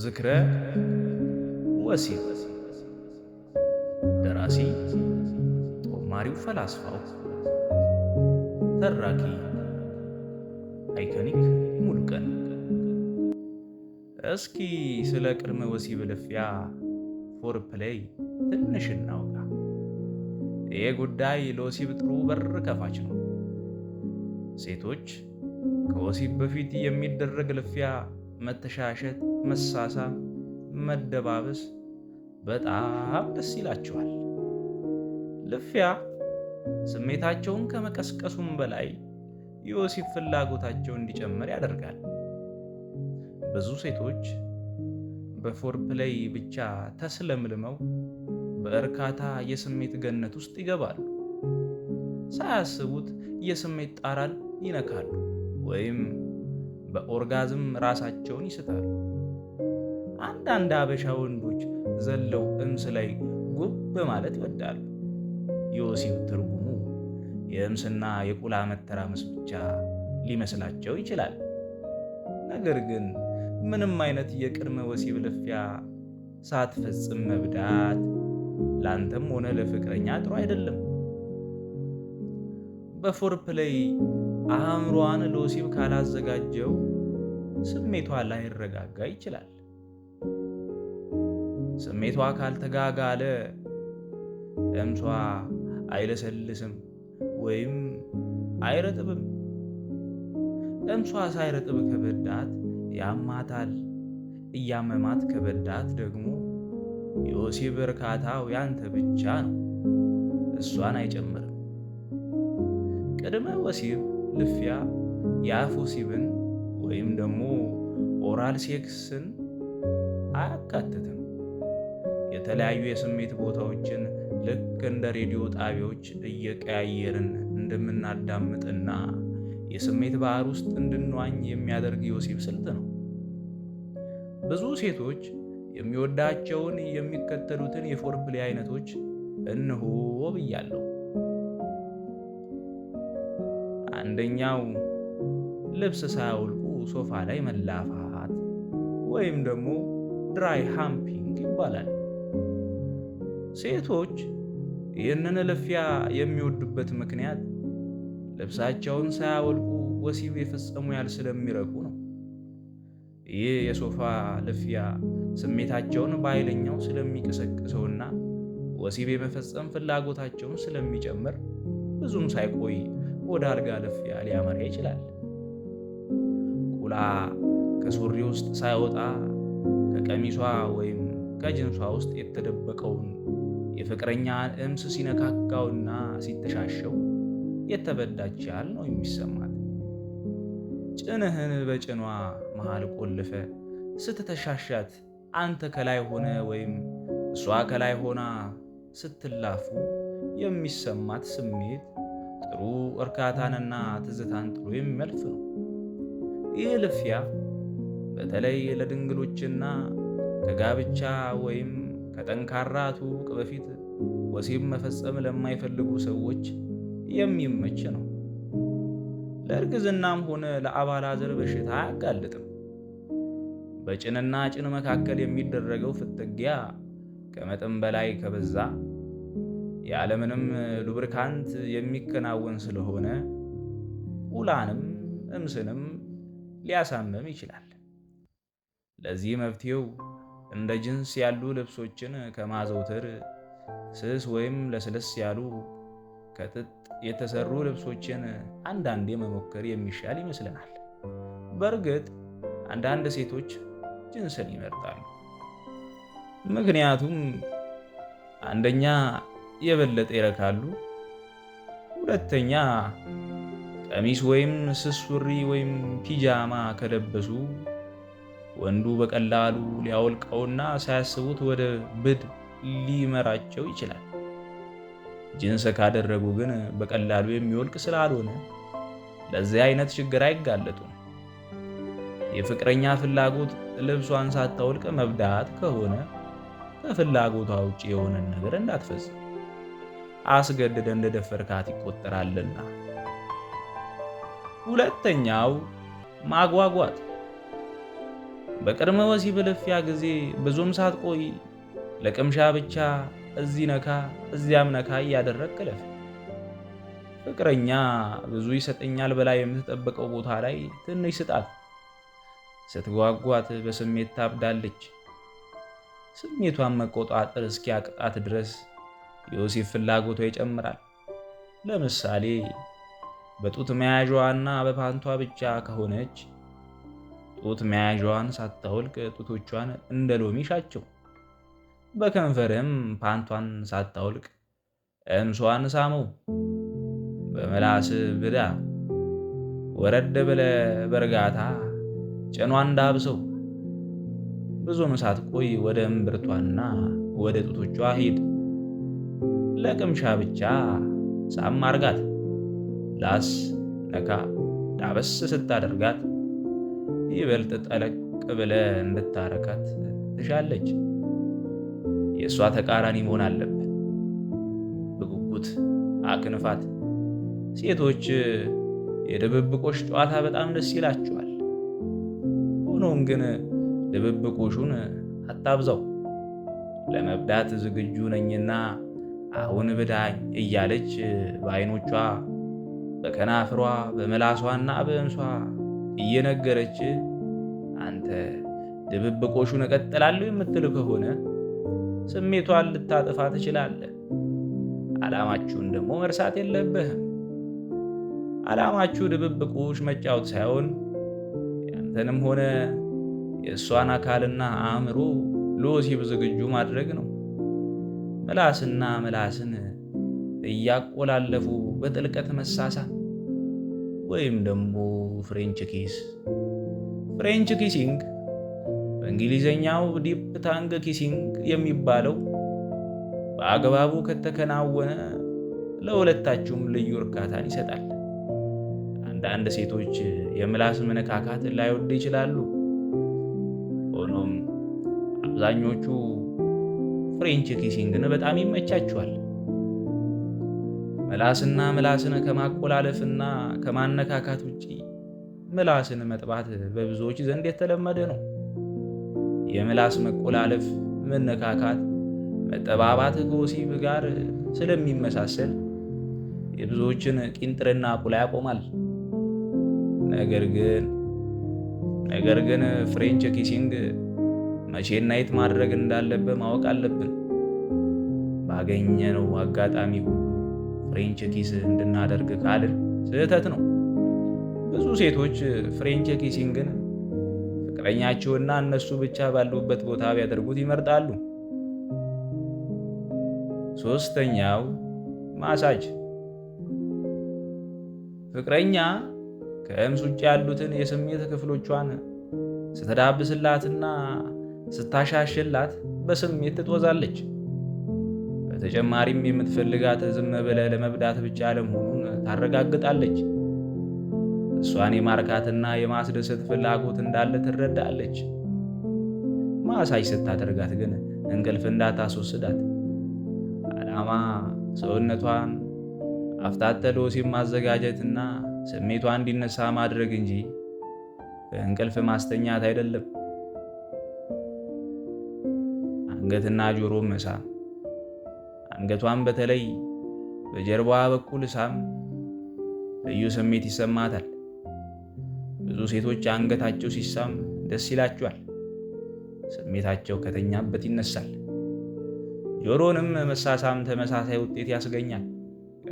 ዝክረ ወሲብ ደራሲ ጦማሪው ፈላስፋው ተራኪ አይኮኒክ ሙሉቀን። እስኪ ስለ ቅድመ ወሲብ ልፊያ ፎር ፕሌይ ትንሽ እናውጋ። ይህ ጉዳይ ለወሲብ ጥሩ በር ከፋች ነው። ሴቶች ከወሲብ በፊት የሚደረግ ልፊያ መተሻሸት፣ መሳሳ መደባበስ በጣም ደስ ይላቸዋል። ልፊያ ስሜታቸውን ከመቀስቀሱም በላይ የወሲብ ፍላጎታቸው እንዲጨምር ያደርጋል። ብዙ ሴቶች በፎርፕሌይ ብቻ ተስለምልመው በእርካታ የስሜት ገነት ውስጥ ይገባሉ። ሳያስቡት የስሜት ጣራን ይነካሉ ወይም በኦርጋዝም ራሳቸውን ይስታሉ። አንዳንድ አበሻ ወንዶች ዘለው እምስ ላይ ጉብ ማለት ይወዳሉ። የወሲብ ትርጉሙ የእምስና የቁላ መተራመስ ብቻ ሊመስላቸው ይችላል። ነገር ግን ምንም አይነት የቅድመ ወሲብ ልፊያ ሳትፈጽም መብዳት ላንተም ሆነ ለፍቅረኛ ጥሩ አይደለም። በፎርፕ ላይ አእምሯን ለወሲብ ካላዘጋጀው ስሜቷ ላይረጋጋ ይችላል። ስሜቷ ካልተጋጋለ እምሷ አይለሰልስም ወይም አይረጥብም። እምሷ ሳይረጥብ ከበዳት ያማታል። እያመማት ከበዳት ደግሞ የወሲብ እርካታው ያንተ ብቻ ነው፣ እሷን አይጨምርም። ቅድመ ወሲብ ልፊያ፣ የአፍ ወሲብን ወይም ደግሞ ኦራል ሴክስን አያካትትም። የተለያዩ የስሜት ቦታዎችን ልክ እንደ ሬዲዮ ጣቢያዎች እየቀያየርን እንደምናዳምጥና የስሜት ባህር ውስጥ እንድንዋኝ የሚያደርግ የወሲብ ስልት ነው። ብዙ ሴቶች የሚወዳቸውን የሚከተሉትን የፎርፕሌ አይነቶች እንሆ ብያለሁ። አንደኛው ልብስ ሳያውልቁ ሶፋ ላይ መላፋት ወይም ደግሞ ድራይ ሃምፒንግ ይባላል። ሴቶች ይህንን ልፊያ የሚወዱበት ምክንያት ልብሳቸውን ሳያወልቁ ወሲብ የፈጸሙ ያህል ስለሚረኩ ነው። ይህ የሶፋ ልፊያ ስሜታቸውን በኃይለኛው ስለሚቀሰቅሰውና ወሲብ የመፈጸም ፍላጎታቸውን ስለሚጨምር ብዙም ሳይቆይ ወደ አልጋ ልፍያ ሊያመራ ይችላል። ቁላ ከሱሪ ውስጥ ሳይወጣ ከቀሚሷ ወይም ከጅንሷ ውስጥ የተደበቀውን የፍቅረኛ እምስ ሲነካካውና ሲተሻሸው የተበዳች ያህል ነው የሚሰማት። ጭንህን በጭኗ መሃል ቆልፈ ስትተሻሻት አንተ ከላይ ሆነ ወይም እሷ ከላይ ሆና ስትላፉ የሚሰማት ስሜት ጥሩ እርካታንና ትዝታን ጥሎ የሚያልፍ ነው። ይህ ልፍያ በተለይ ለድንግሎችና ከጋብቻ ወይም ከጠንካራ ትውውቅ በፊት ወሲብ መፈጸም ለማይፈልጉ ሰዎች የሚመች ነው። ለእርግዝናም ሆነ ለአባላዘር በሽታ አያጋልጥም። በጭንና ጭን መካከል የሚደረገው ፍትጊያ ከመጠን በላይ ከበዛ ያለምንም ሉብሪካንት የሚከናወን ስለሆነ ቁላንም እምስንም ሊያሳምም ይችላል። ለዚህ መፍትሄው እንደ ጅንስ ያሉ ልብሶችን ከማዘውተር ስስ ወይም ለስለስ ያሉ ከጥጥ የተሰሩ ልብሶችን አንዳንዴ መሞከር የሚሻል ይመስለናል። በእርግጥ አንዳንድ ሴቶች ጅንስን ይመርጣሉ። ምክንያቱም አንደኛ የበለጠ ይረካሉ። ሁለተኛ ቀሚስ ወይም ስስ ሱሪ ወይም ፒጃማ ከለበሱ ወንዱ በቀላሉ ሊያወልቀውና ሳያስቡት ወደ ብድ ሊመራቸው ይችላል። ጅንስ ካደረጉ ግን በቀላሉ የሚወልቅ ስላልሆነ ለዚህ አይነት ችግር አይጋለጡም። የፍቅረኛ ፍላጎት ልብሷን ሳታወልቅ መብዳት ከሆነ ከፍላጎቷ ውጭ የሆነን ነገር እንዳትፈጽም አስገድደ እንደደፈርካት ይቆጠራልና። ሁለተኛው ማጓጓት በቅድመ ወሲብ ልፊያ ጊዜ ብዙም ሳትቆይ ለቅምሻ ብቻ እዚህ ነካ እዚያም ነካ እያደረግክ ለፍ። ፍቅረኛ ብዙ ይሰጠኛል ብላ የምትጠብቀው ቦታ ላይ ትንሽ ስጣት። ስትጓጓት በስሜት ታብዳለች። ስሜቷን መቆጣጠር እስኪያቅጣት ድረስ ዮሴፍ ፍላጎቷ ይጨምራል። ለምሳሌ በጡት መያዣዋና በፓንቷ ብቻ ከሆነች ጡት መያዣዋን ሳታወልቅ ጡቶቿን እንደ ሎሚ ሻቸው። በከንፈርም ፓንቷን ሳታወልቅ እምሷን ሳመው። በመላስ ብዳ ወረድ ብለ በእርጋታ ጭኗን ዳብሰው። ብዙም ሳትቆይ ወደ እምብርቷና ወደ ጡቶቿ ሂድ። ለቅምሻ ብቻ ሳም አርጋት ላስ ነካ ዳበስ ስታደርጋት ይበልጥ ጠለቅ ብለ እንድታረካት ትሻለች። የእሷ ተቃራኒ መሆን አለብን። በጉጉት አክንፋት። ሴቶች የድብብቆሽ ጨዋታ በጣም ደስ ይላቸዋል። ሆኖም ግን ድብብቆሹን አታብዛው። ለመብዳት ዝግጁ ነኝና አሁን ብዳኝ እያለች በአይኖቿ በከናፍሯ በመላሷና በእንሷ እየነገረች አንተ ድብብቆሹን እቀጥላለሁ የምትል ከሆነ ስሜቷን ልታጥፋ ትችላለህ። ዓላማችሁን ደግሞ መርሳት የለብህም። ዓላማችሁ ድብብቁሽ መጫወት ሳይሆን ያንተንም ሆነ የእሷን አካልና አእምሮ ለወሲብ ዝግጁ ማድረግ ነው። ምላስና ምላስን እያቆላለፉ በጥልቀት መሳሳት ወይም ደግሞ ፍሬንች ኪስ ፍሬንች ኪሲንግ በእንግሊዘኛው ዲፕ ታንግ ኪሲንግ የሚባለው በአግባቡ ከተከናወነ ለሁለታችሁም ልዩ እርካታን ይሰጣል። አንዳንድ ሴቶች የምላስ መነካካት ላይወድ ይችላሉ። ሆኖም አብዛኞቹ ፍሬንች ኪሲንግን በጣም ይመቻችኋል። ምላስና ምላስን ከማቆላለፍና ከማነካካት ውጪ ምላስን መጥባት በብዙዎች ዘንድ የተለመደ ነው። የምላስ መቆላለፍ፣ መነካካት፣ መጠባባት ከወሲብ ጋር ስለሚመሳሰል የብዙዎችን ቂንጥርና ቁላ ያቆማል። ነገር ግን ነገር ግን ፍሬንች ኪሲንግ መቼና የት ማድረግ እንዳለብህ ማወቅ አለብን። ባገኘነው አጋጣሚ ሁሉ ፍሬንች ኪስ እንድናደርግ ካልን ስህተት ነው። ብዙ ሴቶች ፍሬንች ኪሲንግን ፍቅረኛቸውና እነሱ ብቻ ባሉበት ቦታ ቢያደርጉት ይመርጣሉ። ሶስተኛው ማሳጅ ፍቅረኛ ከእምስ ውጭ ያሉትን የስሜት ክፍሎቿን ስትዳብስላትና ስታሻሽላት በስሜት ትጦዛለች። በተጨማሪም የምትፈልጋት ዝም ብለህ ለመብዳት ብቻ ለመሆኑን ታረጋግጣለች። እሷን የማርካትና የማስደሰት ፍላጎት እንዳለ ትረዳለች። ማሳጅ ስታደርጋት ግን እንቅልፍ እንዳታስወስዳት ዓላማ ሰውነቷን አፍታተሎ ሲማዘጋጀትና ስሜቷ እንዲነሳ ማድረግ እንጂ በእንቅልፍ ማስተኛት አይደለም። አንገትና ጆሮ እሳም። አንገቷን በተለይ በጀርባዋ በኩል እሳም ልዩ ስሜት ይሰማታል። ብዙ ሴቶች አንገታቸው ሲሳም ደስ ይላቸዋል። ስሜታቸው ከተኛበት ይነሳል። ጆሮንም መሳሳም ተመሳሳይ ውጤት ያስገኛል።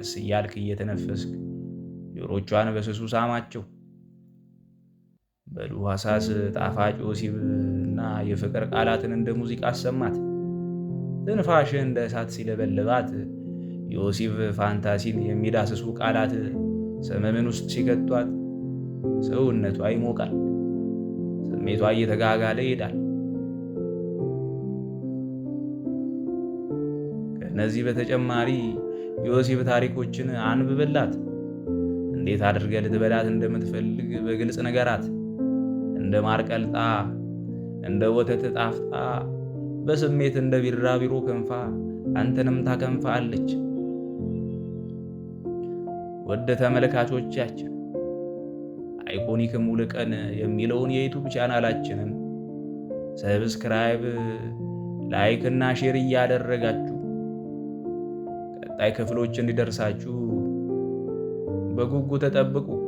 ቀስ እያልክ እየተነፈስክ ጆሮቿን በስሱ ሳማቸው። በዱሃሳስ ጣፋጭ ወሲብ እና የፍቅር ቃላትን እንደ ሙዚቃ አሰማት። ትንፋሽህ እንደ እሳት ሲለበልባት ዮሴፍ ፋንታሲን የሚዳስሱ ቃላት ሰመምን ውስጥ ሲከቷት ሰውነቷ ይሞቃል፣ ስሜቷ እየተጋጋለ ይሄዳል። ከእነዚህ በተጨማሪ ዮሴፍ ታሪኮችን አንብብላት። እንዴት አድርገ ልትበላት እንደምትፈልግ በግልጽ ነገራት። እንደ ማር ቀልጣ፣ እንደ ወተት ጣፍጣ በስሜት እንደ ቢራቢሮ ክንፋ አንተንም ታከንፋለች። ወደ ተመልካቾቻችን አይኮኒክ ሙልቀን የሚለውን የዩቱብ ቻናላችንን ሰብስክራይብ፣ ላይክ እና ሼር እያደረጋችሁ ቀጣይ ክፍሎች እንዲደርሳችሁ በጉጉ ተጠብቁ።